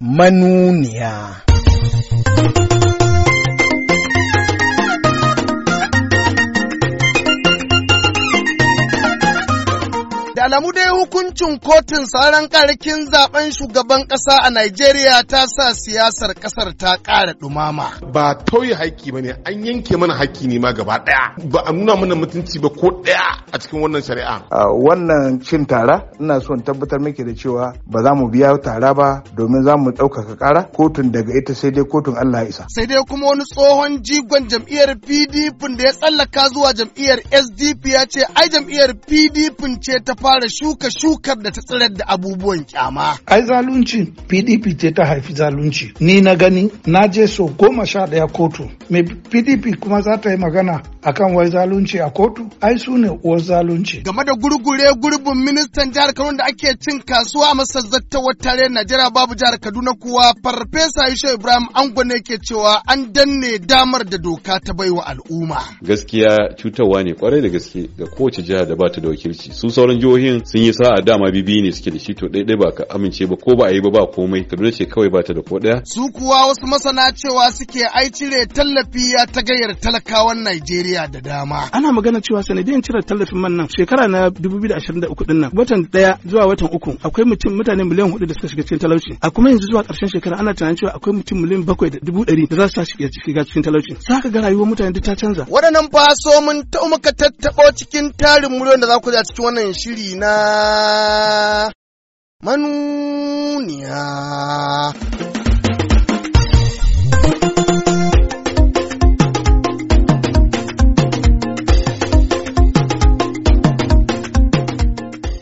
manuniya. alamu dai hukuncin kotun sauran karkin zaben shugaban ƙasa a Najeriya ta sa siyasar ƙasar ta ƙara ɗumama. Ba tauye haƙƙi ba ne, an yanke mana haƙƙi ne ma gaba ɗaya. Ba a nuna mana mutunci ba ko ɗaya a cikin wannan shari'a. wannan cin tara, ina so in tabbatar miki da cewa ba za mu biya tara ba domin za mu ɗaukaka ƙara kotun daga ita sai dai kotun Allah isa. Sai dai kuma wani tsohon jigon jam'iyyar PDP da ya tsallaka zuwa jam'iyyar SDP ya ce ai jam'iyyar PDP ce ta fara fara shuka shukar da ta tsirar da abubuwan kyama. Ai zalunci PDP ce ta haifi zalunci. Ni na gani na je so goma sha ɗaya kotu. Me PDP kuma za ta yi magana akan wai zalunci a kotu? Ai su ne uwar zalunci. Game da gurgure gurbin ministan jihar Kano da ake cin kasuwa masa zattawar tare Najeriya babu jihar Kaduna kuwa farfesa Yusuf Ibrahim Angon ne ke cewa an danne damar da doka ta baiwa al'umma. Gaskiya cutarwa ne kwarai da gaske ga kowace jiha da ba ta da wakilci. Su sauran jihohi jihohin sun yi sa'a dama bibi ne suke da shi to ɗaiɗai ba ka amince ba ko ba a yi ba ba komai kaduna ce kawai ba ta da ko ɗaya. su kuwa wasu masana cewa suke ai cire tallafi ya ta gayyar talakawan najeriya da dama. ana magana cewa sanadiyar cire tallafin man nan shekara na 2023 din nan watan ɗaya zuwa watan uku akwai mutum mutane miliyan hudu da suka shiga cikin talauci a kuma yanzu zuwa ƙarshen shekara ana tunanin cewa akwai mutum miliyan bakwai da dubu ɗari da za su shiga cikin talauci sa ka ga rayuwar mutane duk ta canza. waɗannan ba so mun cikin tarin muryar da za ku cikin wannan shiri na manuniya.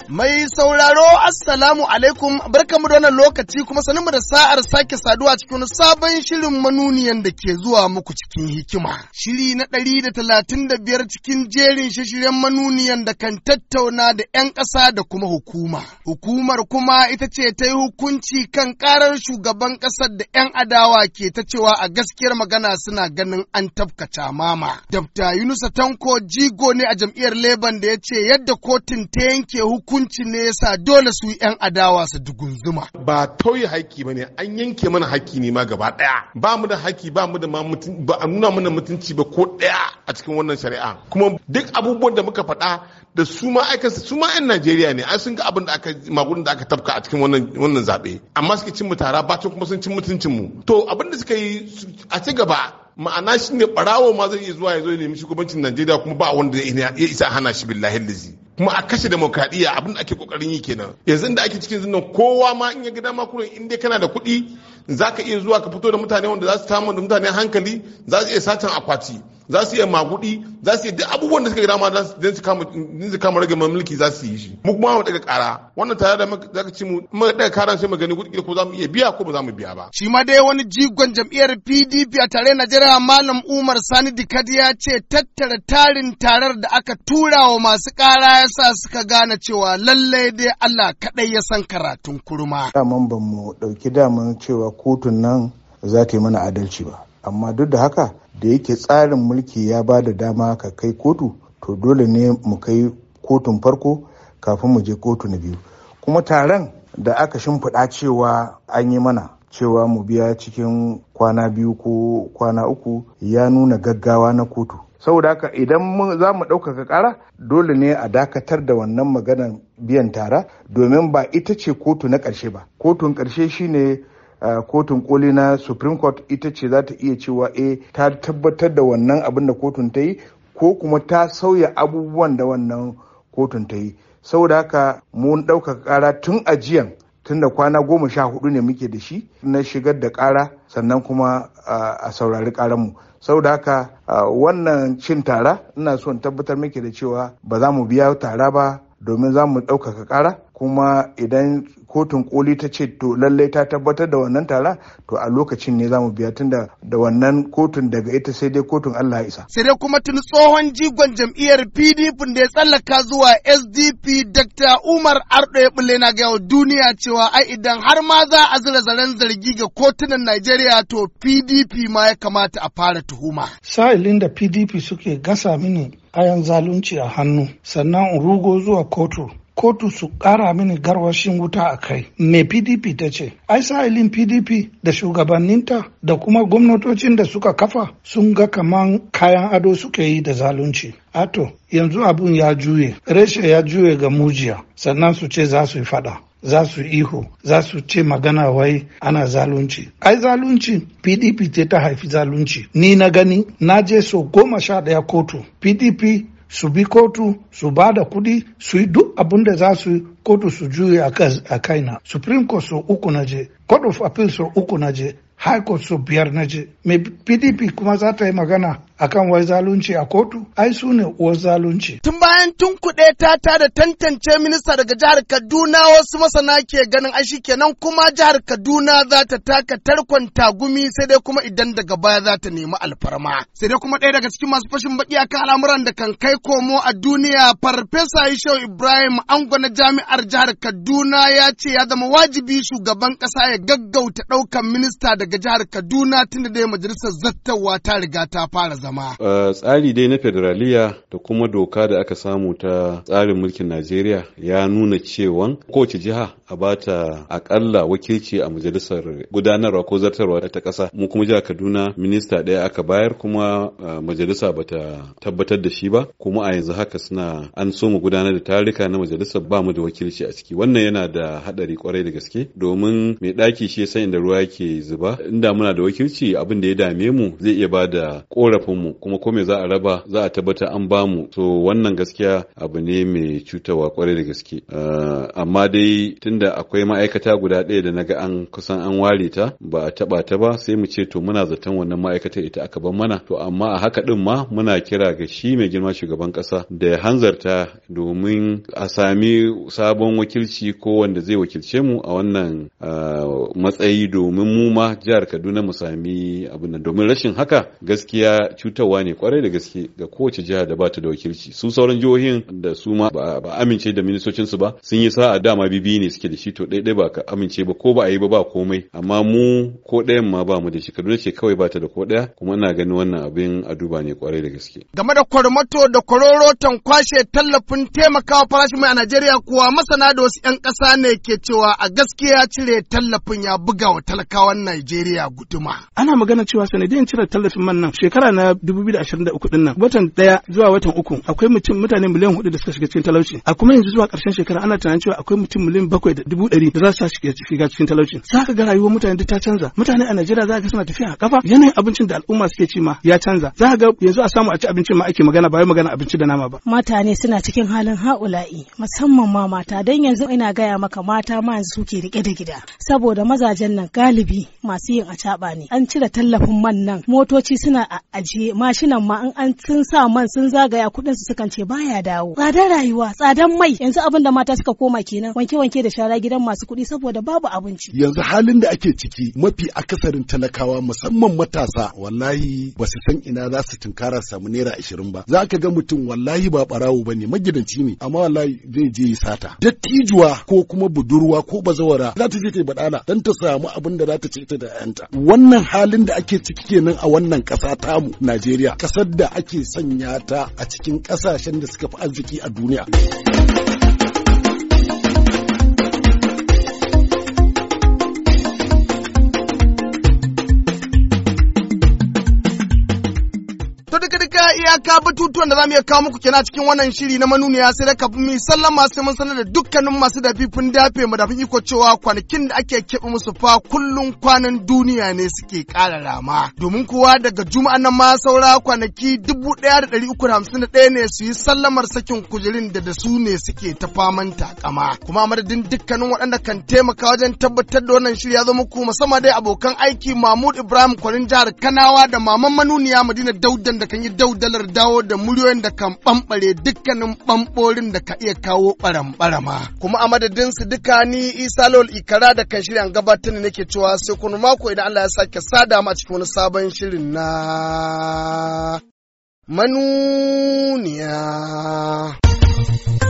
Mai sauraro Assalamu alaikum barka da wannan lokaci kuma sanin da sa'ar sake saduwa cikin sabon shirin manuniyan da ke zuwa muku cikin hikima. Shiri na ɗari da talatin da biyar cikin jerin shirin manuniyan da kan tattauna da 'yan ƙasa da kuma hukuma. Hukumar kuma ita ce ta yi hukunci kan ƙarar shugaban ƙasar da 'yan adawa ke ta cewa a gaskiyar magana suna ganin an tafkaca mama. Dabta Yunusa Tanko jigo ne a jam'iyyar Leban da ya ce yadda kotun ta yanke hukunci ne yasa dole su 'yan adawa su dugunzuma. Ba tauye haƙƙi ba ne an yanke mana haƙƙi ne ma gaba ɗaya. Ba mu da haƙƙi ba mu da ma ba a nuna mana mutunci ba ko ɗaya a cikin wannan shari'a. Kuma duk abubuwan da muka faɗa da su ma aikasa su ma 'yan Najeriya ne an sun ga abin da aka magudin da aka tafka a cikin wannan wannan zaɓe. Amma suke cin mu tara bacin kuma sun cin mutuncin mu. To abin da suka yi a ci gaba ma'ana shi ne barawo ma zai iya zuwa ya zo ya nemi shugabancin najeriya kuma ba wanda ya isa hana shi billahi lazi kuma a kashe demokradiyya abin da ake kokarin yi kenan yanzu da ake cikin zinnan kowa ma in ya ga dama kurin in dai kana da kuɗi zaka iya zuwa ka fito da mutane wanda za su tamu da mutane hankali za su iya satan akwati za su iya magudi za su iya duk abubuwan da suka yi dama don su kama don su kama rage mulki za su yi shi mu kuma mu daga kara wannan tare da zaka ci mu mu daga kara sai mu gani kudi ko za mu iya biya ko ba za mu biya ba shi ma dai wani jigon jam'iyyar PDP a tare Najeriya Malam Umar Sani Dikadi ya ce tattara tarin tarar da aka tura wa masu kara ya sa suka gane cewa lallai dai Allah kaɗai ya san karatun kurma daman ban mu dauki daman cewa kotun nan za ta yi mana adalci ba amma duk da haka da yake tsarin mulki ya ba da dama ka kai kotu to dole ne mu kai kotun farko kafin mu je kotu na biyu kuma taron da aka shimfiɗa cewa an yi mana cewa mu biya cikin kwana biyu ko kwana uku ya nuna gaggawa na kotu saboda haka idan za mu ɗaukaka ƙara dole ne a dakatar da wannan maganar biyan tara domin ba ita ce kotu na ƙarshe ba kotun ƙarshe shine kotun koli na supreme court ita ce za ta iya cewa eh ta tabbatar da wannan abin da kotun ta yi ko kuma ta sauya abubuwan da wannan kotun ta yi saboda haka mun ɗaukaka ƙara tun ajiyan tun da kwana goma sha hudu ne muke da shi na shigar da ƙara sannan kuma a saurari mu saboda haka wannan cin tara ina so in tabbatar muke da cewa ba za mu biya tara ba domin za mu ɗaukaka ƙara kuma idan kotun koli ta ce to lallai ta tabbatar da wannan tara to a lokacin ne zamu biya tun da wannan kotun daga ita sai dai kotun Allah ya isa. Sai dai kuma tun tsohon jigon jam'iyyar PDP da ya tsallaka zuwa SDP Dr. Umar Ardo Bule na ga duniya cewa ai idan har ma za a zira zaren zargi ga kotunan Najeriya to PDP ma ya kamata a fara tuhuma. Sa'ilin da PDP suke gasa mini ayan zalunci a hannu sannan rugo zuwa kotu kotu su ƙara mini garwashin wuta a kai. Me PDP ta ce, ai sa'ilin PDP da shugabanninta da kuma gwamnatocin da suka kafa sun ga kaman kayan ado suke yi da zalunci. Ato, yanzu abun ya juye, reshe ya juye ga mujiya, sannan su ce za su yi fada. za su ihu za su ce magana wai ana zalunci ai zalunci pdp ce ta haifi zalunci ni na gani na je so goma sha ɗaya kotu pdp su bi kotu su ba da kudi su yi duk abin da za su kotu su juye a kaina supreme court su uku na je court of appeal su uku na je high court su biyar na je mai pdp kuma za ta yi magana akan wai zalunci a kotu ai su ne uwar zalunci. Tun bayan tun kuɗe ta ta da tantance minista daga jihar Kaduna wasu masana ke ganin shi kenan kuma jihar Kaduna za ta taka tarkon tagumi sai dai kuma idan daga baya za ta nemi alfarma. Sai dai kuma ɗaya daga cikin masu fashin baki akan al'amuran da kan kai komo a duniya farfesa Ishau Ibrahim Ango na jami'ar jihar Kaduna ya ce ya zama wajibi shugaban ƙasa ya gaggauta ɗaukan minista daga jihar Kaduna tun da dai majalisar zattawa ta riga ta fara zama. Eh, tsari dai na federaliya da kuma doka da aka samu ta tsarin mulkin Najeriya ya nuna cewan kowace jiha a bata akalla wakilci a majalisar gudanarwa ko zartarwa ta ƙasa. Mu kuma jihar Kaduna minista ɗaya aka bayar kuma eh, majalisa bata tabbatar da shi ba kuma a yanzu haka suna an so mu gudanar da tarika na majalisar ba mu da wakilci a ciki wannan yana da haɗari kwarai da gaske domin mai ɗaki shi ya san inda ruwa yake zuba inda muna da wakilci abin da ya dame mu zai iya ba da ƙorafin mu kuma ko me za a raba za a tabbata an bamu so wannan gaskiya abu ne mai cutarwa kwarai da gaske eh, amma dai tunda akwai ma'aikata guda ɗaya da naga an kusan an ware ta ba a taba ta ba sai mu ce to muna zaton wannan ma'aikatar ita aka ban mana to amma a haka din ma muna kira ga shi mai girma shugaban kasa da ya hanzarta domin a sami sabon wakilci ko wanda zai wakilce mu a wannan eh, matsayi domin mu ma jihar Kaduna mu sami abin nan domin rashin haka gaskiya cutarwa ne kwarai da gaske ga kowace jiha da ba ta da wakilci su sauran jihohin da su ma ba amince da ministocin su ba sun yi sa'a dama bibi ne suke da shi to ɗaya ba ka amince ba ko ba a yi ba ba komai amma mu ko ɗayan ma ba mu da shi kaduna ce kawai ba ta da ko ɗaya kuma ina ganin wannan abin a duba ne kwarai da gaske game da kwarmato da tan kwashe tallafin taimakawa farashin mai a Najeriya kuwa masana da wasu 'yan ƙasa ne ke cewa a gaskiya cire tallafin ya buga wa talakawan Najeriya guduma ana magana cewa sanadiyan cire tallafin man nan shekara na 2023 din nan watan daya zuwa watan uku akwai mutum mutane miliyan hudu da suka shiga cikin talauci a kuma yanzu zuwa karshen shekara ana tunanin cewa akwai mutum miliyan bakwai da dubu ɗari da za su shiga cikin talauci za ka ga rayuwar mutane duk ta canza mutane a Najeriya za ka suna tafiya a kafa yanayin abincin da al'umma suke ci ma ya canza za ka ga yanzu a samu a ci abincin ma ake magana ba wai magana abinci da nama ba mutane suna cikin halin haula'i musamman ma mata dan yanzu ina gaya maka mata ma yanzu suke rike da gida saboda mazajen nan galibi masu yin acaɓa ne an cire tallafin man nan motoci suna a ajiye mashinan ma in an sun sa man sun zagaya kuɗin su sukan ce baya dawo tsadar rayuwa tsadar mai yanzu abin da mata suka koma kenan wanke wanke da shara gidan masu kuɗi saboda babu abinci yanzu halin da ake ciki mafi akasarin talakawa musamman matasa wallahi ba su san ina za su tunkara samu naira ashirin ba za ka ga mutum wallahi ba barawo ba ne magidanci ne amma wallahi zai je sata dattijuwa ko kuma budurwa ko bazawara za ta je ta yi badala dan ta samu abin da za ta ce ta ta da yanta wannan halin da ake ciki kenan a wannan ƙasa tamu Najeriya ƙasar da ake sanya ta a cikin ƙasashen da suka fi arziki a duniya iyaka batutuwan da za mu iya kawo muku kenan cikin wannan shiri na manuniya sai da kafin sallama sai mun sanar da dukkanin masu dafifin dafe mu dafin iko cewa kwanakin da ake keɓe musu fa kullun kwanan duniya ne suke ƙara rama. Domin kuwa daga juma'an nan ma saura kwanaki dubu ɗaya da ɗari uku hamsin ɗaya ne su yi sallamar sakin kujerin da da su ne suke ta faman takama. Kuma madadin dukkanin waɗanda kan taimaka wajen tabbatar da wannan shiri ya zo muku musamman dai abokan aiki Mahmud Ibrahim Kwarin jihar Kanawa da Maman Manuniya Madina Daudan da kan yi daudan maganar dawo da muryoyin da kan bambare dukkanin ɓamɓorin da ka iya kawo ɓaram barama Kuma a madadin su duka ni Isa lol Ikara da kan shirya gabatar ne nake cewa sai kuma mako idan Allah ya sake sada mu a cikin wani sabon shirin na manuniya.